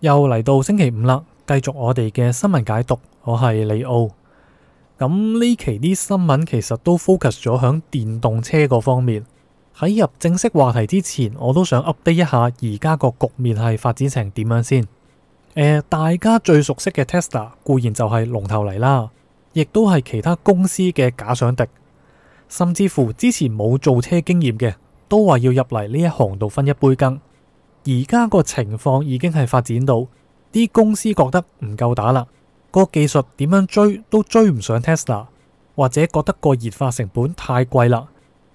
又嚟到星期五啦，繼續我哋嘅新聞解讀。我係李奧，咁、嗯、呢期啲新聞其實都 focus 咗響電動車個方面。喺入正式話題之前，我都想 update 一下而家個局面係發展成點樣先。大家最熟悉嘅 Tesla 固然就係龍頭嚟啦，亦都係其他公司嘅假想敵，甚至乎之前冇造車經驗嘅都話要入嚟呢一行度分一杯羹。而家個情況已經係發展到啲公司覺得唔夠打啦，個技術點樣追都追唔上 Tesla，或者覺得個熱化成本太貴啦，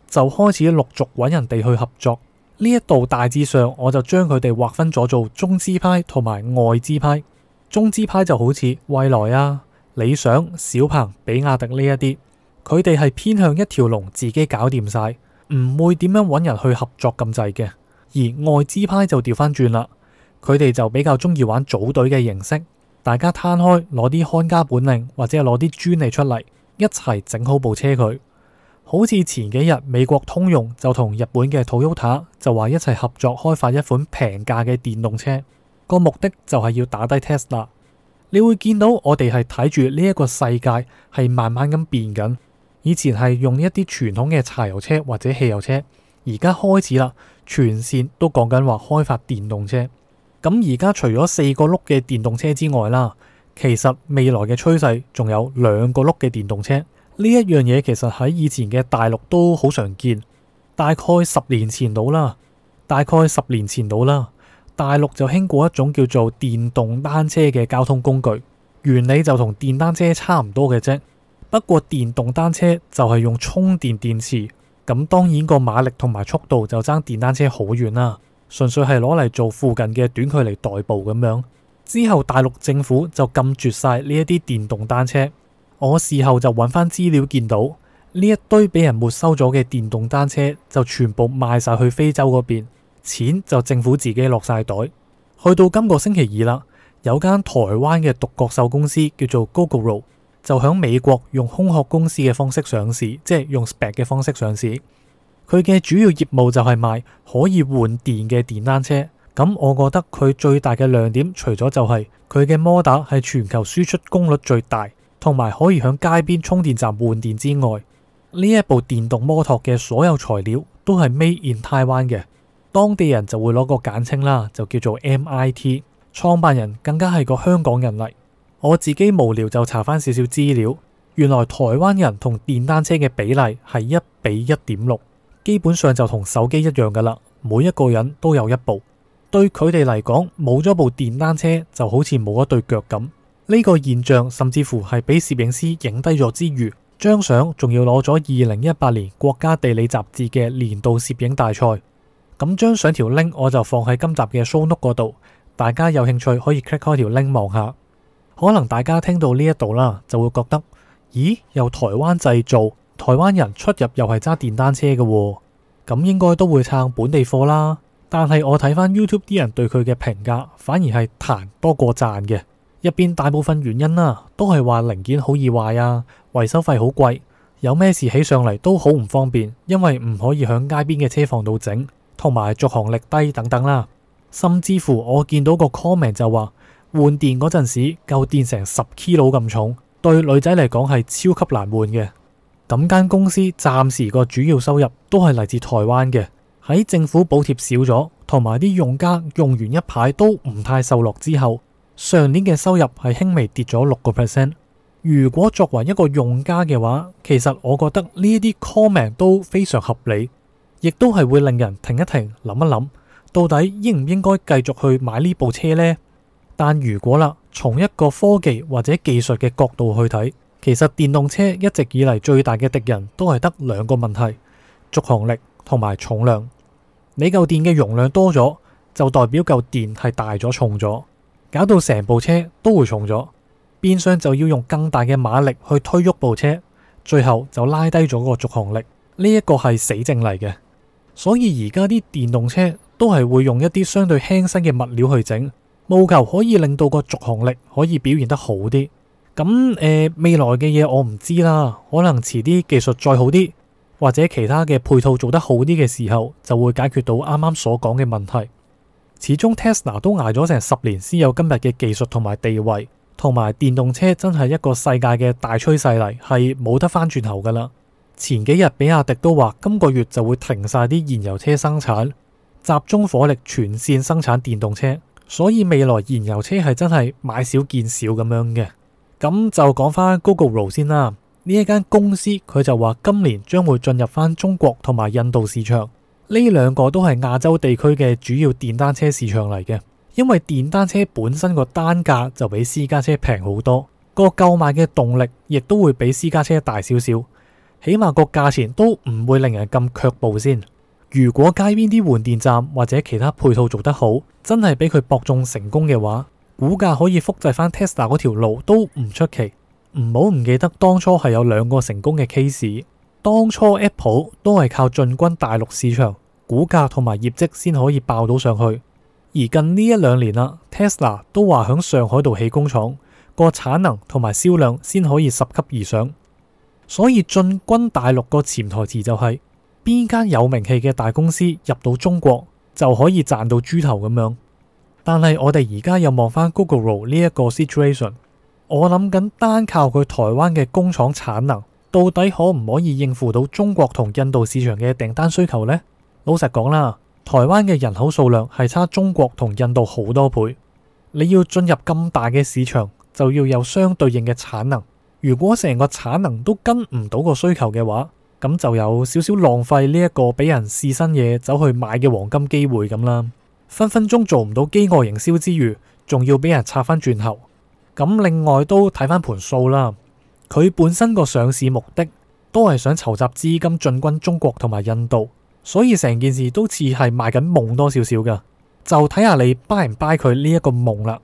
就開始陸續揾人哋去合作。呢一度大致上，我就將佢哋劃分咗做中資派同埋外資派。中資派就好似蔚來啊、理想、小鵬、比亞迪呢一啲，佢哋係偏向一條龍自己搞掂晒，唔會點樣揾人去合作咁滯嘅。而外資派就調翻轉啦，佢哋就比較中意玩組隊嘅形式，大家攤開攞啲看家本領或者攞啲專利出嚟，一齊整好部車佢。好似前幾日美國通用就同日本嘅 Toyota 就話一齊合作開發一款平價嘅電動車，個目的就係要打低 Tesla。你會見到我哋係睇住呢一個世界係慢慢咁變緊，以前係用一啲傳統嘅柴油車或者汽油車。而家開始啦，全線都講緊話開發電動車。咁而家除咗四個轆嘅電動車之外啦，其實未來嘅趨勢仲有兩個轆嘅電動車。呢一樣嘢其實喺以前嘅大陸都好常見，大概十年前到啦，大概十年前到啦，大陸就興過一種叫做電動單車嘅交通工具，原理就同電單車差唔多嘅啫。不過電動單車就係用充電電池。咁當然個馬力同埋速度就爭電單車好遠啦，純粹係攞嚟做附近嘅短距離代步咁樣。之後大陸政府就禁絕晒呢一啲電動單車。我事後就搵翻資料見到，呢一堆俾人沒收咗嘅電動單車就全部賣晒去非洲嗰邊，錢就政府自己落晒袋。去到今個星期二啦，有間台灣嘅獨角獸公司叫做 GOGORO。就喺美國用空殼公司嘅方式上市，即係用 SPAC 嘅方式上市。佢嘅主要業務就係賣可以換電嘅電單車。咁我覺得佢最大嘅亮點，除咗就係佢嘅摩打係全球輸出功率最大，同埋可以喺街邊充電站換電之外，呢一部電動摩托嘅所有材料都係 made in Taiwan 嘅，當地人就會攞個簡稱啦，就叫做 MIT。創辦人更加係個香港人嚟。我自己無聊就查翻少少資料，原來台灣人同電單車嘅比例係一比一點六，基本上就同手機一樣噶啦。每一個人都有一部，對佢哋嚟講冇咗部電單車就好似冇一對腳咁。呢、這個現象甚至乎係俾攝影師影低咗之餘，張相仲要攞咗二零一八年國家地理雜誌嘅年度攝影大賽。咁張相條 link 我就放喺今集嘅 show note 嗰度，大家有興趣可以 click 開條 link 望下。可能大家聽到呢一度啦，就會覺得，咦，由台灣製造，台灣人出入又係揸電單車嘅喎，咁應該都會撐本地貨啦。但係我睇翻 YouTube 啲人對佢嘅評價，反而係彈多過讚嘅。入邊大部分原因啦，都係話零件好易壞啊，維修費好貴，有咩事起上嚟，都好唔方便，因為唔可以響街邊嘅車房度整，同埋續航力低等等啦。甚至乎我見到個 comment 就話。換電嗰陣時，夠電成十 kilo 咁重，對女仔嚟講係超級難換嘅。咁間公司暫時個主要收入都係嚟自台灣嘅。喺政府補貼少咗，同埋啲用家用完一排都唔太受落之後，上年嘅收入係輕微跌咗六個 percent。如果作為一個用家嘅話，其實我覺得呢一啲 comment 都非常合理，亦都係會令人停一停諗一諗，到底應唔應該繼續去買呢部車呢？但如果啦，從一個科技或者技術嘅角度去睇，其實電動車一直以嚟最大嘅敵人都係得兩個問題：續航力同埋重量。你嚿電嘅容量多咗，就代表嚿電係大咗重咗，搞到成部車都會重咗，變相就要用更大嘅馬力去推喐部車，最後就拉低咗個續航力。呢一個係死證嚟嘅，所以而家啲電動車都係會用一啲相對輕身嘅物料去整。務求可以令到個續航力可以表現得好啲。咁誒、呃，未來嘅嘢我唔知啦，可能遲啲技術再好啲，或者其他嘅配套做得好啲嘅時候，就會解決到啱啱所講嘅問題。始終 Tesla 都挨咗成十年先有今日嘅技術同埋地位，同埋電動車真係一個世界嘅大趨勢嚟，係冇得翻轉頭噶啦。前幾日比亞迪都話，今個月就會停晒啲燃油車生產，集中火力全線生產電動車。所以未來燃油車係真係買少見少咁樣嘅，咁就講翻 Gogoro 先啦。呢一間公司佢就話今年將會進入翻中國同埋印度市場，呢兩個都係亞洲地區嘅主要電單車市場嚟嘅。因為電單車本身個單價就比私家車平好多，個購買嘅動力亦都會比私家車大少少，起碼個價錢都唔會令人咁卻步先。如果街邊啲換電站或者其他配套做得好，真係俾佢搏中成功嘅話，股價可以複製返 Tesla 嗰條路都唔出奇。唔好唔記得當初係有兩個成功嘅 case，當初 Apple 都係靠進軍大陸市場，股價同埋業績先可以爆到上去。而近呢一兩年啦，Tesla 都話響上海度起工廠，個產能同埋銷量先可以十級而上。所以進軍大陸個潛台詞就係、是。邊間有名氣嘅大公司入到中國就可以賺到豬頭咁樣？但係我哋而家又望翻 Gogoro 呢一個 situation，我諗緊單靠佢台灣嘅工廠產能，到底可唔可以應付到中國同印度市場嘅訂單需求呢？老實講啦，台灣嘅人口數量係差中國同印度好多倍。你要進入咁大嘅市場，就要有相對應嘅產能。如果成個產能都跟唔到個需求嘅話，咁就有少少浪費呢一個俾人試新嘢走去買嘅黃金機會咁啦，分分鐘做唔到飢餓營銷之餘，仲要俾人拆翻轉頭。咁另外都睇翻盤數啦，佢本身個上市目的都係想籌集資金進軍中國同埋印度，所以成件事都似係賣緊夢多少少噶，就睇下你 buy 唔 buy 佢呢一個夢啦。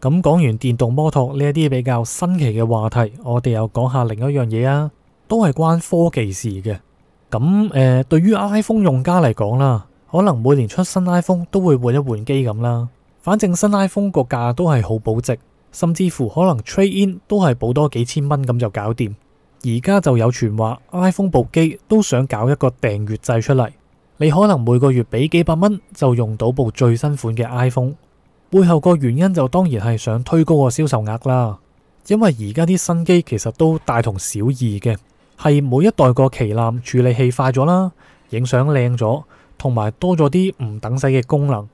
咁講完電動摩托呢一啲比較新奇嘅話題，我哋又講下另一樣嘢啊。都係關科技事嘅，咁誒、呃，對於 iPhone 用家嚟講啦，可能每年出新 iPhone 都會換一換機咁啦。反正新 iPhone 個價都係好保值，甚至乎可能 trade in 都係補多幾千蚊咁就搞掂。而家就有傳話 iPhone 部機都想搞一個訂閱制出嚟，你可能每個月俾幾百蚊就用到部最新款嘅 iPhone。背後個原因就當然係想推高個銷售額啦，因為而家啲新機其實都大同小異嘅。係每一代個旗艦處理器快咗啦，影相靚咗，同埋多咗啲唔等使嘅功能，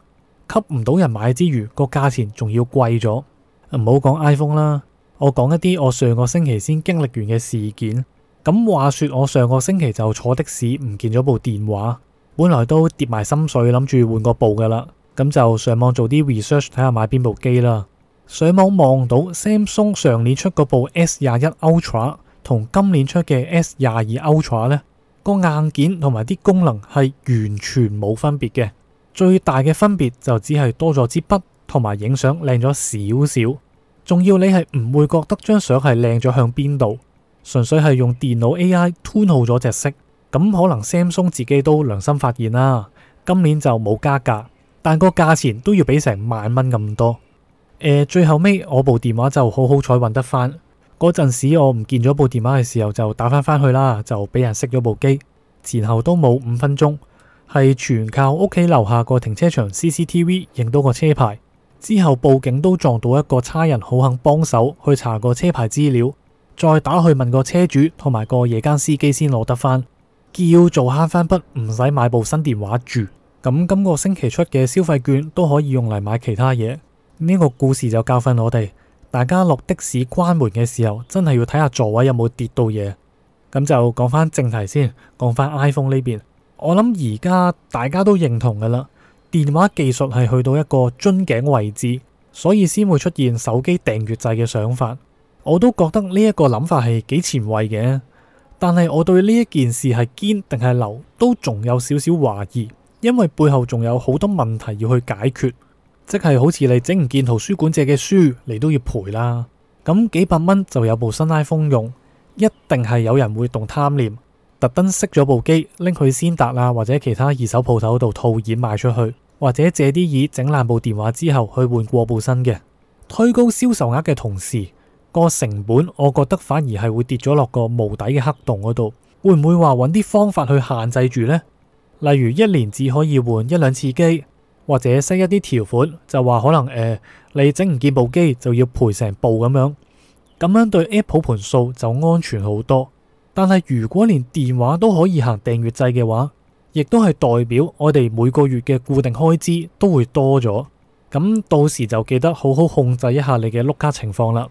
吸唔到人買之餘，個價錢仲要貴咗。唔好講 iPhone 啦，我講一啲我上個星期先經歷完嘅事件。咁話說我上個星期就坐的士唔見咗部電話，本來都跌埋心水，諗住換個部㗎喇，咁就上網做啲 research，睇下買邊部機啦。上網望到 Samsung 上年出嗰部 S 廿一 Ultra。同今年出嘅 S 廿二 Ultra 咧，個硬件同埋啲功能係完全冇分別嘅，最大嘅分別就只係多咗支筆，同埋影相靚咗少少，仲要你係唔會覺得張相係靚咗向邊度，純粹係用電腦 AI 吞好咗隻色，咁可能 Samsung 自己都良心發現啦，今年就冇加價，但個價錢都要俾成萬蚊咁多，呃，最後尾，我部電話就好好彩揾得返。嗰陣時我唔見咗部電話嘅時候就打返返去啦，就俾人熄咗部機，前後都冇五分鐘，係全靠屋企樓下個停車場 CCTV 認到個車牌，之後報警都撞到一個差人好肯幫手去查個車牌資料，再打去問個車主同埋個夜間司機先攞得返，叫做慳返筆，唔使買部新電話住。咁今個星期出嘅消費券都可以用嚟買其他嘢，呢個故事就教訓我哋，大家落的士關門嘅時候，真係要睇下座位有冇跌到嘢。咁就講翻正題先，講翻 iPhone 呢邊。我諗而家大家都認同噶啦，電話技術係去到一個樽頸位置，所以先會出現手機訂閱制嘅想法。我都覺得呢一個諗法係幾前衛嘅，但係我對呢一件事係堅定係流，都仲有少少懷疑，因為背後仲有好多問題要去解決。即係好似你整唔見圖書館借嘅書，你都要賠啦。咁、嗯、幾百蚊就有部新 iPhone 用，一定係有人會動貪念，特登熄咗部機，拎去先達啦，或者其他二手鋪頭度套現賣出去，或者借啲意整爛部電話之後去換過部新嘅。推高銷售額嘅同時，個成本我覺得反而係會跌咗落個無底嘅黑洞嗰度。會唔會話揾啲方法去限制住呢？例如一年只可以換一兩次機。或者 set 一啲條款，就話可能誒、呃，你整唔見部機就要賠成部咁樣，咁樣對 Apple 盤數就安全好多。但係如果連電話都可以行訂閱制嘅話，亦都係代表我哋每個月嘅固定開支都會多咗。咁到時就記得好好控制一下你嘅碌卡情況啦。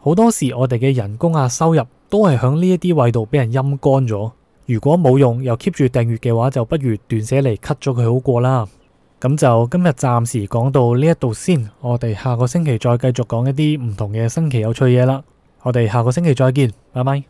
好多時我哋嘅人工啊收入都係響呢一啲位度俾人陰乾咗。如果冇用又 keep 住訂閱嘅話，就不如斷捨離 cut 咗佢好過啦。咁就今日暫時講到呢一度先，我哋下個星期再繼續講一啲唔同嘅新奇有趣嘢啦。我哋下個星期再見，拜拜。